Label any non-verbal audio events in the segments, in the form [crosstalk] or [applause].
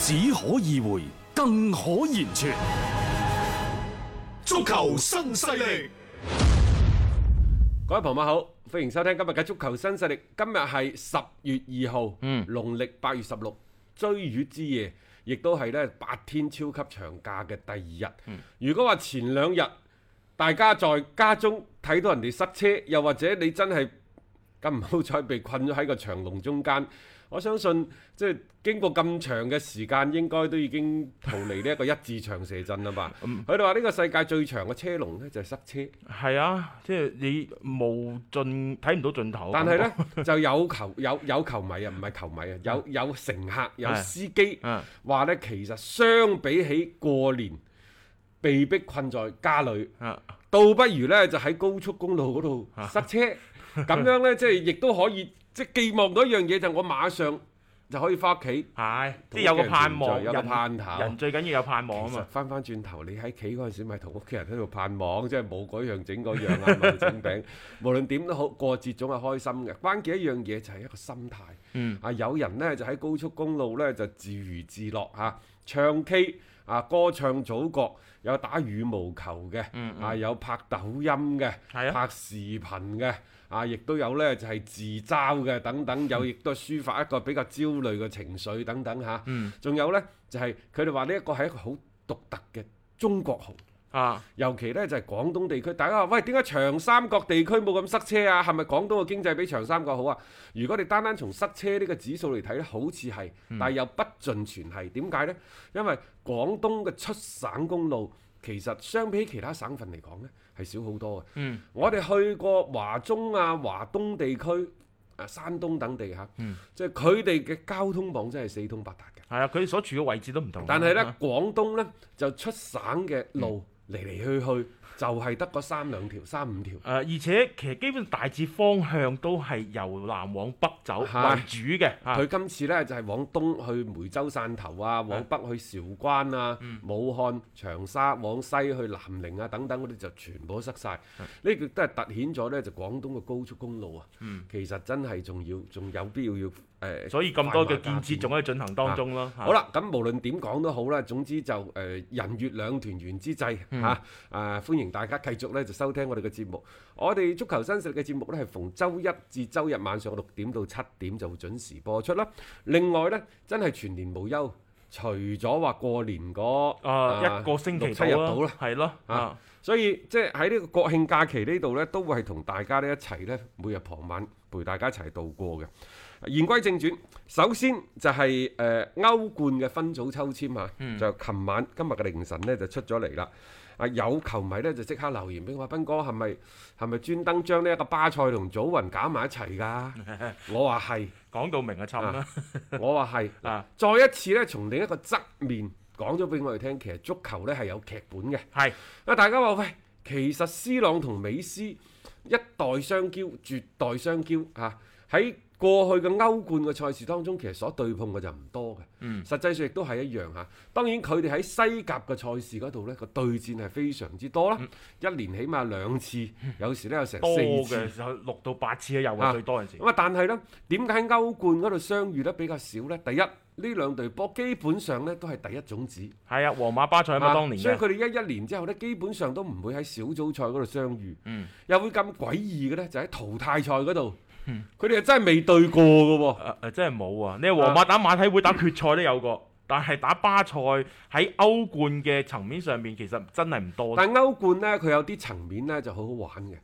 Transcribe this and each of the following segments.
只可意會，更可言傳。足球新勢力，各位朋友好，歡迎收聽今日嘅足球新勢力。今日係十月二號，嗯，農曆八月十六，追月之夜，亦都係呢八天超級長假嘅第二日。嗯、如果話前兩日大家在家中睇到人哋塞車，又或者你真係咁唔好彩被困咗喺個長龍中間。我相信即係經過咁長嘅時間，應該都已經逃離呢一個一字長蛇陣啦嘛。佢哋話呢個世界最長嘅車龍呢，就係塞車。係啊，即係你冇盡睇唔到盡頭。但係呢， [laughs] 就有球有有球迷啊，唔係球迷啊，有有乘客有司機，話、啊、呢，其實相比起過年被逼困在家裏，啊、倒不如呢，就喺高速公路嗰度塞車，咁樣呢，即係亦都可以。即係寄望嗰一樣嘢就我馬上就可以翻屋企，係即係有個盼望，有個盼頭。人最緊要有盼望啊嘛！翻翻轉頭，你喺企嗰陣時咪同屋企人喺度盼望，即係冇嗰樣整嗰樣啊，整餅，無論點都好，過節總係開心嘅。關鍵一樣嘢就係一個心態。啊，有人呢，就喺高速公路呢，就自娛自樂嚇，唱 K 啊，歌唱祖國，有打羽毛球嘅，啊有拍抖音嘅，拍視頻嘅。啊，亦都有咧，就係、是、自嘲嘅等等，有亦、嗯、都抒發一個比較焦慮嘅情緒等等嚇。啊、嗯。仲有咧，就係佢哋話呢一個係一個好獨特嘅中國號啊。尤其咧就係、是、廣東地區，大家話喂，點解長三角地區冇咁塞車啊？係咪廣東嘅經濟比長三角好啊？如果你單單從塞車呢個指數嚟睇咧，好似係，嗯、但係又不盡全係。點解咧？因為廣東嘅出省公路。其實相比起其他省份嚟講呢，係少好多嘅。嗯，我哋去過華中啊、華東地區、啊山東等地嚇，嗯，即係佢哋嘅交通網真係四通八達嘅。係啊，佢哋所處嘅位置都唔同、啊。但係呢，廣東呢就出省嘅路嚟嚟、嗯、去去。就係得嗰三兩條、三五條。誒、啊，而且其實基本大致方向都係由南往北走為主嘅。佢今、啊啊、次呢就係、是、往東去梅州、汕頭啊，往北去韶關啊、啊嗯、武漢、長沙，往西去南寧啊等等嗰啲就全部塞晒。呢個都係突顯咗呢，就是、廣東嘅高速公路啊，嗯、其實真係仲要仲有必要要。所以咁多嘅建設仲喺進行當中咯、啊。是好啦，咁無論點講都好啦，總之就誒、呃、人月兩團圓之際嚇、嗯啊，啊歡迎大家繼續咧就收聽我哋嘅節目。我哋足球新勢力嘅節目咧係逢周一至周日晚上六點到七點就會準時播出啦。另外咧真係全年無休，除咗話過年嗰、啊啊、一個星期七日到啦，係咯啊，啊所以即係喺呢個國慶假期呢度咧，都會係同大家呢一齊咧每日傍晚陪大家一齊度過嘅。言歸正傳，首先就係、是、誒、呃、歐冠嘅分組抽籤嚇，就琴、嗯、晚今日嘅凌晨呢，就出咗嚟啦。啊有球迷呢，就即刻留言俾我，斌哥係咪，係咪專登將呢一個巴塞同祖雲揀埋一齊噶？我話係，講到明啊，差唔多。我話係啊，再一次呢，從另一個側面講咗俾我哋聽，其實足球呢，係有劇本嘅。係啊是，大家話喂，其實 C 朗同美斯一代雙驕，絕代雙驕嚇喺。啊過去嘅歐冠嘅賽事當中，其實所對碰嘅就唔多嘅。嗯，實際上亦都係一樣嚇。當然佢哋喺西甲嘅賽事嗰度咧，個對戰係非常之多啦。嗯、一年起碼兩次，嗯、有時咧有成四次，有六到八次咧，有嘅最多嗰陣時。咁啊，但係咧，點解歐冠嗰度相遇得比較少咧？第一，呢兩隊波基本上咧都係第一種子。係啊，皇馬巴塞喺當年、啊、所以佢哋一一年之後咧，基本上都唔會喺小組賽嗰度相遇。嗯，又會咁詭異嘅咧，就喺淘汰賽嗰度。佢哋真係未對過嘅喎、啊啊啊，真係冇啊！你皇馬打馬體會打決賽都有過，啊嗯、但係打巴塞喺歐冠嘅層面上面其實真係唔多。但係歐冠呢，佢有啲層面呢就好好玩嘅、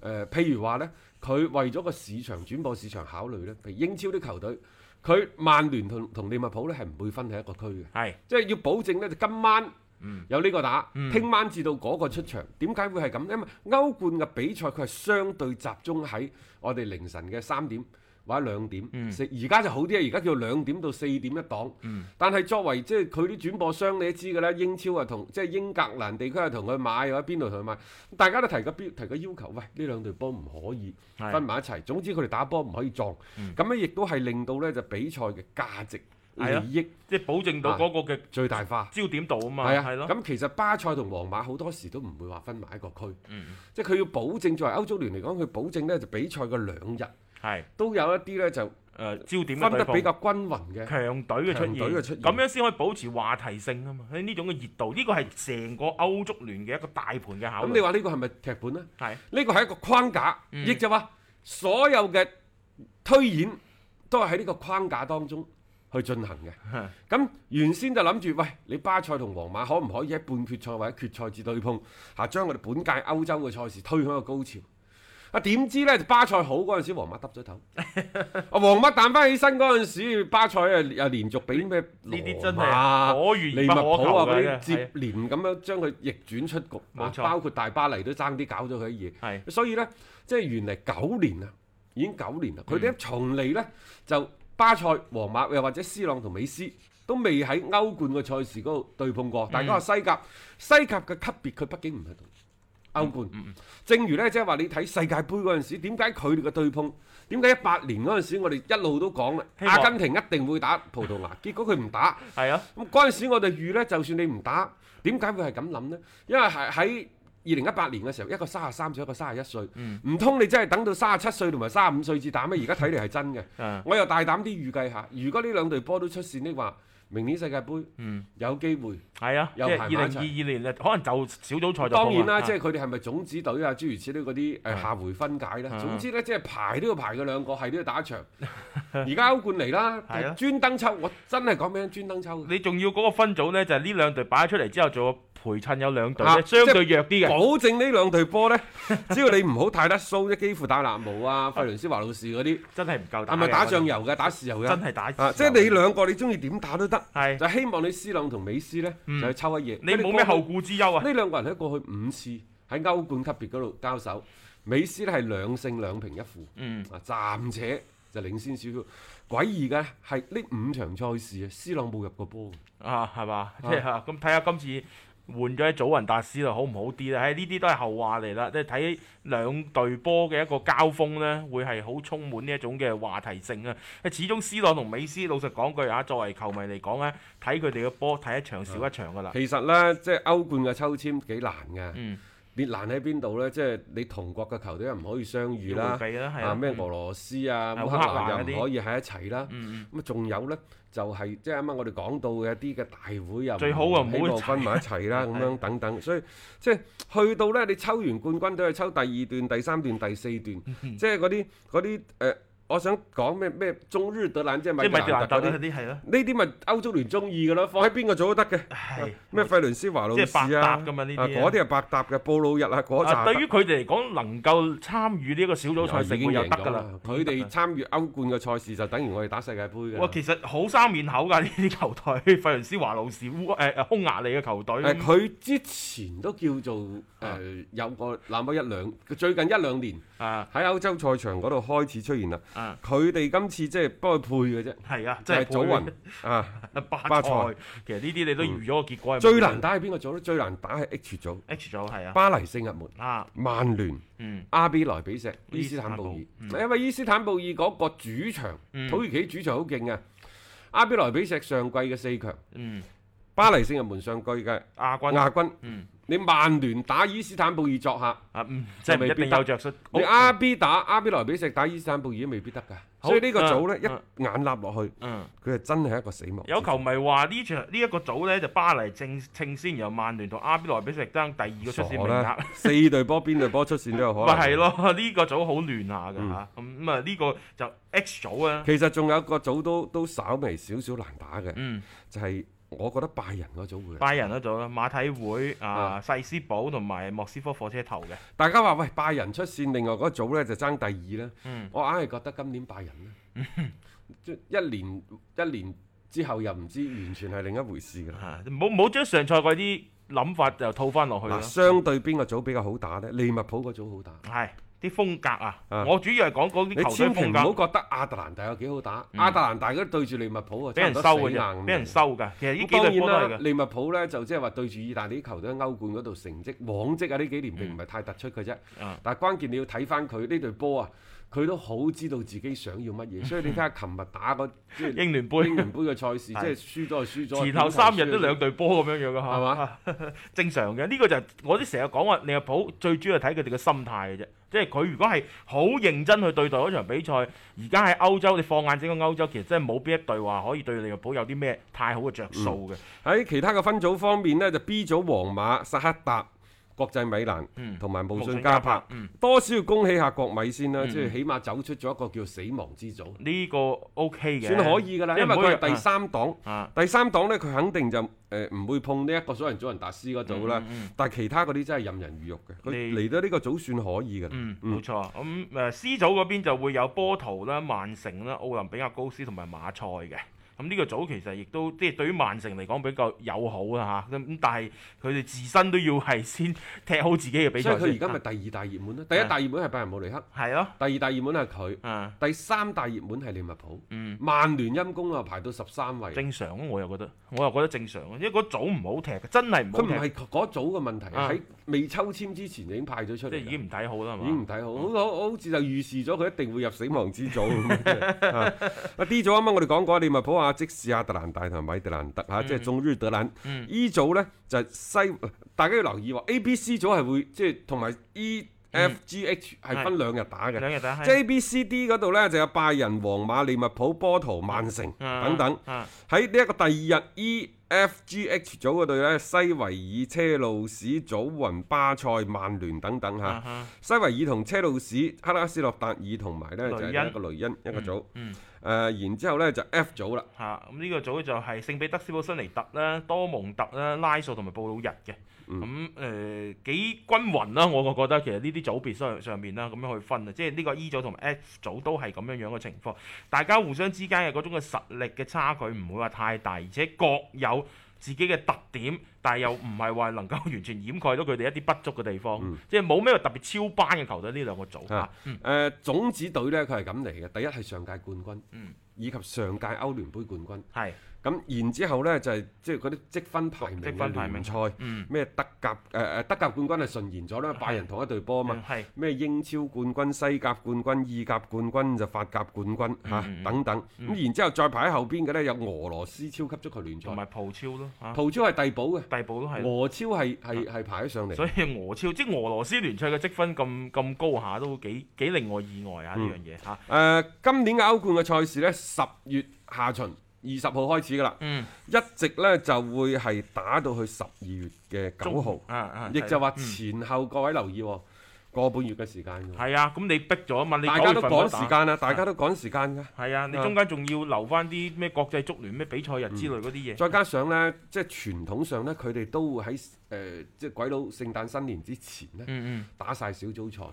呃，譬如話呢，佢為咗個市場轉播市場考慮呢，譬如英超啲球隊，佢曼聯同同利物浦呢係唔會分喺一個區嘅，係是即係要保證呢，就今晚。嗯、有呢個打，聽、嗯、晚至到嗰個出場，點解、嗯、會係咁？因為歐冠嘅比賽佢係相對集中喺我哋凌晨嘅三點或者兩點，四而家就好啲啊！而家叫兩點到四點一檔，嗯、但係作為即係佢啲轉播商，你都知㗎啦，英超啊同即係英格蘭地區係同佢買，或者邊度同佢買，大家都提個標提個要求，喂，呢兩隊波唔可以分埋一齊，是的 總之佢哋打波唔可以撞，咁咧亦都係令到咧就比賽嘅價值。利益即係保證到嗰個嘅最大化焦點度啊嘛，係啊，咁其實巴塞同皇馬好多時都唔會話分埋一個區，即係佢要保證作為歐足聯嚟講，佢保證咧就比賽個兩日，都有一啲咧就誒焦點分得比較均勻嘅強隊嘅出現，咁樣先可以保持話題性啊嘛。喺呢種嘅熱度，呢個係成個歐足聯嘅一個大盤嘅效果。咁你話呢個係咪劇本咧？係呢個係一個框架，亦就話所有嘅推演都係喺呢個框架當中。去進行嘅，咁原先就諗住，喂，你巴塞同皇馬可唔可以喺半決賽或者決賽至對碰，嚇將我哋本屆歐洲嘅賽事推向一個高潮。啊，點知呢，巴塞好嗰陣時，皇馬耷咗頭。啊，皇馬彈翻起身嗰陣時，巴塞啊又連續俾啲咩？呢啲真係可遇不可求嘅。利物浦接連咁樣將佢逆轉出局，包括大巴黎都爭啲搞咗佢啲嘢。所以呢，即係原嚟九年啦，已經九年啦，佢哋從嚟呢？就。巴塞、皇馬又或者 C 朗同美斯都未喺歐冠嘅賽事嗰度對碰過，大家講話西甲，嗯、西甲嘅級別佢畢竟唔係同歐冠。嗯嗯、正如呢，即係話你睇世界盃嗰陣時，點解佢哋嘅對碰？點解一八年嗰陣時我哋一路都講啦，希望 阿根廷一定會打葡萄牙，結果佢唔打。係、嗯、啊，咁嗰陣時我哋預呢，就算你唔打，點解會係咁諗呢？因為係喺。二零一八年嘅時候，一個三十三歲，一個三十一歲，唔通、嗯、你真係等到三十七歲同埋三十五歲至打咩？而家睇嚟係真嘅。嗯、我又大膽啲預計下，如果呢兩隊波都出線的話，明年世界盃有機會。係、嗯、啊，有即係二零二二年啊，可能就小組賽就當然啦。啊、即係佢哋係咪種子隊啊？諸如此類嗰啲誒下回分解啦。總之咧，即係排都要排佢兩個，係都要打一場。而家歐冠嚟啦，專登抽，我真係講真，專登抽。你仲要嗰個分組呢？就係、是、呢兩隊擺出嚟之後做。陪襯有兩隊咧，相對弱啲嘅，保證呢兩隊波咧，只要你唔好太甩鬚，即幾乎打南無啊費倫斯華路士嗰啲，真係唔夠打。唔係打醬油嘅，打豉油嘅，真係打。啊，即係你兩個你鍾意點打都得，係就希望你 C 朗同美斯咧，就去抽一夜。你冇咩後顧之憂啊？呢兩個人喺過去五次喺歐冠級別嗰度交手，美斯咧係兩勝兩平一負，嗯啊暫且就領先少少。詭異嘅係呢五場賽事啊，C 朗冇入過波啊係嘛？即係嚇咁睇下今次。換咗啲祖雲達斯咯，好唔好啲咧？喺呢啲都係後話嚟啦，即係睇兩隊波嘅一個交鋒咧，會係好充滿呢一種嘅話題性啊！始終 C 朗同美斯，老實講句啊，作為球迷嚟講咧，睇佢哋嘅波，睇一場少一場噶啦。其實咧，即係歐冠嘅抽籤幾難㗎。嗯裂難喺邊度咧？即係你同國嘅球隊又唔可以相遇啦，啊咩、啊、俄羅斯啊、烏、嗯、克蘭又唔可以喺一齊啦。咁啊仲有咧，就係、是、即係啱啱我哋講到嘅一啲嘅大會又最好希望分埋一齊啦，咁、啊、樣等等。所以即係去到咧，你抽完冠軍都係抽第二段、第三段、第四段，嗯、哼即係嗰啲嗰啲誒。我想講咩咩中日德蘭即係咪？即係啲啲係咯，呢啲咪歐足聯中意嘅咯，放喺邊個組都得嘅。係咩費倫斯華路士啊？即係百搭㗎嘛？呢啲啊，嗰啲係百搭嘅，布魯日啊，嗰扎。對於佢哋嚟講，能夠參與呢個小組賽已經贏咗啦。佢哋參與歐冠嘅賽事，就等於我哋打世界盃嘅。哇，其實好生面口㗎呢啲球隊，費倫斯華路士，烏誒誒，匈牙利嘅球隊。佢之前都叫做誒有個那麼一兩，最近一兩年喺歐洲賽場嗰度開始出現啦。佢哋今次即係幫佢配嘅啫，係啊，即係祖雲啊，啊，巴塞其實呢啲你都預咗個結果。最難打係邊個組咧？最難打係 H 組，H 組係啊，巴黎聖日門啊，曼聯，嗯，阿比萊比錫，伊斯坦布爾，因為伊斯坦布爾嗰個主場土耳其主場好勁嘅，阿比萊比錫上季嘅四強，嗯，巴黎聖日門上季嘅亞軍，亞軍。你曼聯打伊斯坦布爾作客，啊，即係未必有着數。你 RB 打阿比萊比錫打伊斯坦布爾都未必得噶。所以呢個組咧，一眼立落去，嗯，佢係真係一個死亡。有球迷話呢場呢一個組咧就巴黎正稱先，然後曼聯同阿比萊比錫爭第二個出線名額。四隊波邊隊波出線都有可能。咪係咯，呢個組好亂下噶吓。咁咁啊呢個就 X 組啊。其實仲有一個組都都稍微少少難打嘅，嗯，就係。我覺得拜仁嗰組，組、嗯、會，拜仁嗰組咯，馬體會啊，細斯堡同埋莫斯科火車頭嘅。大家話喂，拜仁出線，另外嗰組呢就爭第二啦。嗯，我硬係覺得今年拜仁呢，即、嗯、哼一年一年之後又唔知，完全係另一回事啦。吓、啊，唔好唔好將上賽季啲諗法又套翻落去咯、啊。相對邊個組比較好打呢？嗯、利物浦嗰組好打。係的。啲風格啊！嗯、我主要係講講啲球隊風格。你千祈唔好覺得亞特蘭大有幾好打。嗯、亞特蘭大嗰啲對住利物浦啊，差唔多四廿五，俾人收㗎。其實呢幾年當然啦，利物浦咧就即係話對住意大利啲球隊歐冠嗰度成績、往績啊，呢幾年並唔係太突出嘅啫。嗯、但係關鍵你要睇翻佢呢隊波啊。佢都好知道自己想要乜嘢，所以你睇下琴日打個、就是、英聯杯、 [laughs] 英聯杯嘅賽事，的即係輸都係輸咗，前後三日都兩隊波咁樣樣嘅嚇，係嘛吧？ [laughs] 正常嘅，呢、這個就是、我哋成日講話利物浦最主要係睇佢哋嘅心態嘅啫，即係佢如果係好認真去對待嗰場比賽，而家喺歐洲，你放眼整個歐洲，其實真係冇邊一隊話可以對利物浦有啲咩太好嘅着數嘅。喺、嗯、其他嘅分組方面呢，就 B 組皇馬、薩克達。國際米蘭同埋慕遜加柏，多少要恭喜下國米先啦，即係起碼走出咗一個叫死亡之組。呢個 OK 嘅，算可以㗎啦，因為佢係第三檔。第三檔咧，佢肯定就誒唔會碰呢一個蘇人祖雲達斯嗰組啦。但係其他嗰啲真係任人魚肉嘅，佢嚟到呢個組算可以㗎。嗯，冇錯。咁誒 C 組嗰邊就會有波圖啦、曼城啦、奧林比亞高斯同埋馬賽嘅。咁呢個組其實亦都即係對於曼城嚟講比較友好啦嚇咁，但係佢哋自身都要係先踢好自己嘅比賽。所以佢而家咪第二大熱門咯，第一大熱門係拜仁慕尼黑，係咯，第二大熱門係佢，第三大熱門係利物浦。嗯，曼聯陰公啊，排到十三位。正常，我又覺得，我又覺得正常啊，因為嗰組唔好踢，真係唔好踢。佢唔係嗰組嘅問題，喺未抽籤之前已經派咗出嚟。即係已經唔睇好啦，嘛？已經唔睇好，好好似就預示咗佢一定會入死亡之組。D 組啱啱我哋講過利物浦嗯、啊！即係亞特蘭大同埋米特蘭特吓，即係中日德蘭。E 組咧就是、西，大家要留意喎，A、B、C 組係會即係同埋 E、F、G、H 係分兩日打嘅。即係。A B C、C、就是 e, 嗯、是 D 嗰度咧就是、有拜仁、皇馬、利物浦、波圖、曼城等等。喺呢一個第二日 E。F、G、H 組嘅隊咧，西維爾、車路士、祖雲巴塞、曼聯等等吓。Uh huh. 西維爾同車路士、克拉斯諾達爾同埋咧就是、呢恩一個雷恩一個組。誒、嗯嗯啊，然之後咧就 F 組啦吓，咁呢、啊這個組就係聖彼得斯堡、辛尼特啦、多蒙特啦、拉素同埋布魯日嘅。咁誒幾均匀啦，我個覺得其實呢啲組別上上面啦，咁樣去分啊，即係呢個 E 組同埋 F 組都係咁樣樣嘅情況，大家互相之間嘅嗰種嘅實力嘅差距唔會話太大，而且各有。自己嘅特點。但係又唔係話能夠完全掩蓋到佢哋一啲不足嘅地方，即係冇咩特別超班嘅球隊呢兩個組啊。誒，種子隊呢，佢係咁嚟嘅，第一係上屆冠軍，以及上屆歐聯杯冠軍。係咁，然之後呢，就係即係嗰啲積分排名嘅聯賽，咩德甲誒誒德甲冠軍係順延咗啦，拜仁同一隊波啊嘛。咩英超冠軍、西甲冠軍、意甲冠軍就法甲冠軍嚇等等。咁然之後再排喺後邊嘅呢，有俄羅斯超級足球聯賽同埋葡超咯，葡超係遞補嘅。大俄超係係係排咗上嚟，所以俄超即係俄羅斯聯賽嘅積分咁咁高，下都幾幾令我意外啊呢樣嘢吓。誒、嗯啊呃，今年嘅歐冠嘅賽事呢，十月下旬二十號開始㗎啦，嗯、一直呢就會係打到去十二月嘅九號，亦、啊啊、就話前後、嗯、各位留意喎、哦。個半月嘅時間㗎，係啊，咁你逼咗嘛？你，大家都趕時間啦，大家都趕時間㗎。係啊，你中間仲要留翻啲咩國際足聯咩比賽日之類嗰啲嘢。再加上呢，即係傳統上呢，佢哋都會喺誒即係鬼佬聖誕新年之前呢打晒小組賽。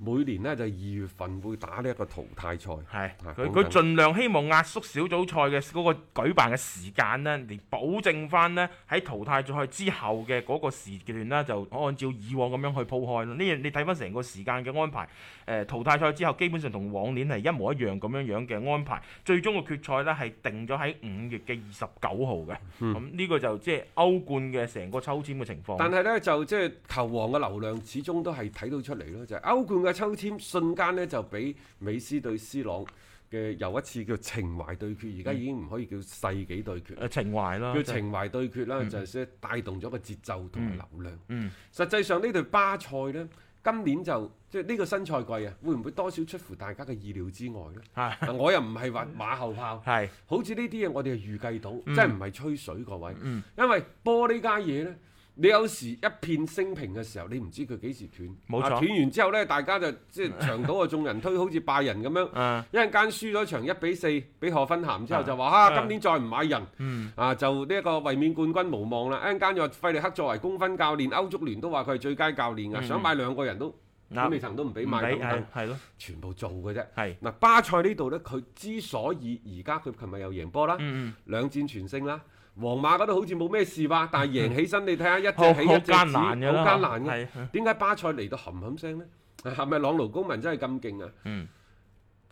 每年呢，就二月份會打呢一個淘汰賽。係。佢佢盡量希望壓縮小組賽嘅嗰個舉辦嘅時間呢，嚟保證翻呢喺淘汰賽之後嘅嗰個時段呢，就按照以往咁樣去鋪開。呢樣你睇翻成。成個時間嘅安排，誒、呃、淘汰賽之後，基本上同往年係一模一樣咁樣樣嘅安排。最終嘅決賽呢係定咗喺五月嘅二十九號嘅。咁呢個就即係歐冠嘅成個抽籤嘅情況。但係呢，就即係球王嘅流量，始終都係睇到出嚟咯。就係、歐冠嘅抽籤瞬間呢就俾美斯對 C 朗嘅又一次叫情懷對決。而家已經唔可以叫世紀對決。誒、嗯、情懷啦，叫情懷對決啦，就誒帶動咗個節奏同埋流量。嗯，嗯嗯實際上呢隊巴塞呢。今年就即係呢個新賽季啊，會唔會多少出乎大家嘅意料之外咧？ [laughs] 我又唔係話馬後炮，係 [laughs] 是好似呢啲嘢我哋係預計到，即係唔係吹水各位，嗯、因為波呢家嘢呢。你有時一片升平嘅時候，你唔知佢幾時斷。冇錯。斷完之後呢，大家就即係長島啊，眾人推好似拜仁咁樣。一陣間輸咗一場一比四，俾賀芬咸之後就話，啊，今年再唔買人。啊，就呢一個衛冕冠軍無望啦！一陣間又費力克作為功勳教練，歐足聯都話佢係最佳教練啊！想買兩個人都都未曾都唔俾買。唔俾。全部做嘅啫。嗱，巴塞呢度呢，佢之所以而家佢琴日又贏波啦，兩戰全勝啦。皇馬嗰度好似冇咩事吧，但係贏起身你睇下一隻起一隻止，好艱難嘅。點解巴塞嚟到冚冚聲呢？係咪朗奴公民真係咁勁啊？嗯，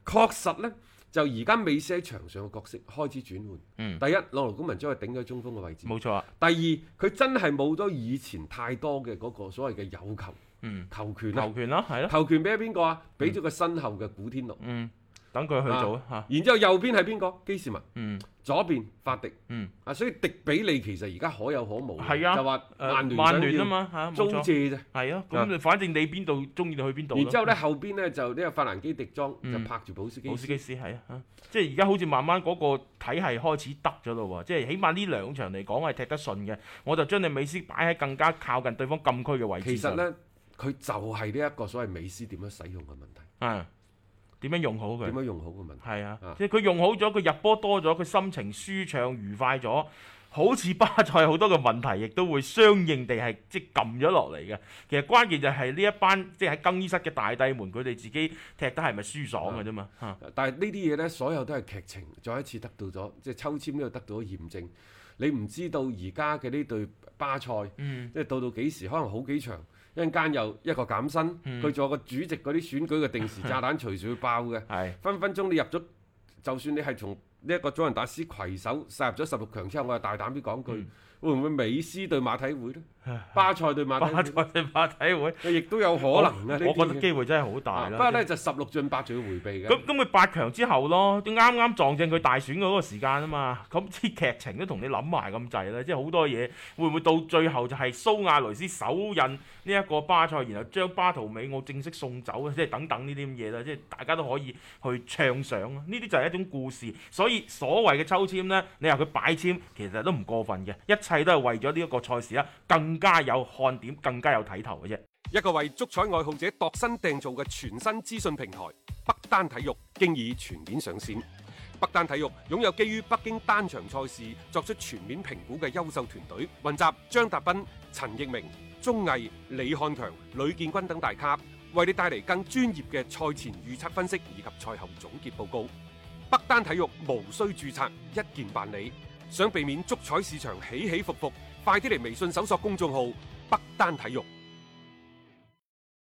確實呢，就而家美斯喺場上嘅角色開始轉換。第一朗奴公民將佢頂咗中鋒嘅位置。冇錯。第二佢真係冇咗以前太多嘅嗰個所謂嘅有球。嗯，球權啊。球權啦，係咯。球權俾咗邊個啊？俾咗個身後嘅古天奴。嗯。等佢去做啊！嚇，然之後右邊係邊個？基士文，嗯，左邊法迪，嗯，啊，所以迪比利其實而家可有可無，係啊，就話曼聯、嗯、曼聯啊嘛嚇，啊、租借啫，係咯、啊，咁反正你邊度中意就去邊度。然之後咧，後邊咧就呢、這個法蘭基迪莊就拍住保斯基保斯基斯係、嗯、啊、嚇、啊，即係而家好似慢慢嗰個體系開始得咗咯喎，即係起碼呢兩場嚟講係踢得順嘅。我就將你美斯擺喺更加靠近對方禁區嘅位置。其實咧，佢就係呢一個所謂美斯點樣使用嘅問題。啊！點樣用好佢？點樣用好個問題？係啊，啊，即係佢用好咗，佢入波多咗，佢心情舒暢愉快咗，好似巴塞好多嘅問題，亦都會相應地係即係撳咗落嚟嘅。其實關鍵就係呢一班即係喺更衣室嘅大帝們，佢哋自己踢得係咪舒爽嘅啫嘛？但係呢啲嘢呢，所有都係劇情。再一次得到咗，即係抽籤呢度得到咗驗證。你唔知道而家嘅呢隊巴塞，嗯，即係到到幾時可能好幾場。一間又一個減薪，佢做、嗯、個主席嗰啲選舉嘅定時炸彈隨時會爆嘅， [laughs] 是的 分分鐘你入咗，就算你係從呢一個祖雲達斯攜手殺入咗十六強之後，我係大膽啲講句，嗯、會唔會美斯對馬體會咧？巴塞對馬，巴塞對馬體會，亦都有可能嘅。能呢啲我覺得機會真係好大啦。不過咧，就係、巴塞就十六進八就要回避嘅。咁咁佢八強之後咯，啱啱撞正佢大選嗰個時間啊嘛。咁啲劇情都同你諗埋咁滯啦，即係好多嘢會唔會到最後就係蘇亞雷斯手印呢一個巴塞，然後將巴圖美奧正式送走，即係等等呢啲咁嘢啦，即係大家都可以去暢想咯。呢啲就係一種故事。所以所謂嘅抽籤咧，你話佢擺簽其實都唔過分嘅，一切都係為咗呢一個賽事啦，更更加有看點，更加有睇頭嘅啫。一個為足彩愛好者度身訂造嘅全新資訊平台北單體育，經已全面上線。北單體育擁有基於北京單場賽事作出全面評估嘅優秀團隊，雲集張達斌、陳奕明、鍾毅、李漢強、呂建軍等大咖，為你帶嚟更專業嘅賽前預測分析以及賽後總結報告。北單體育無需註冊，一鍵辦理。想避免足彩市場起起伏伏？快啲嚟微信搜索公眾號北丹體育。